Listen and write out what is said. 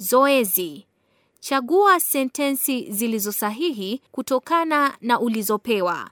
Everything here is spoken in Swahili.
Zoezi: chagua sentensi zilizo sahihi kutokana na ulizopewa.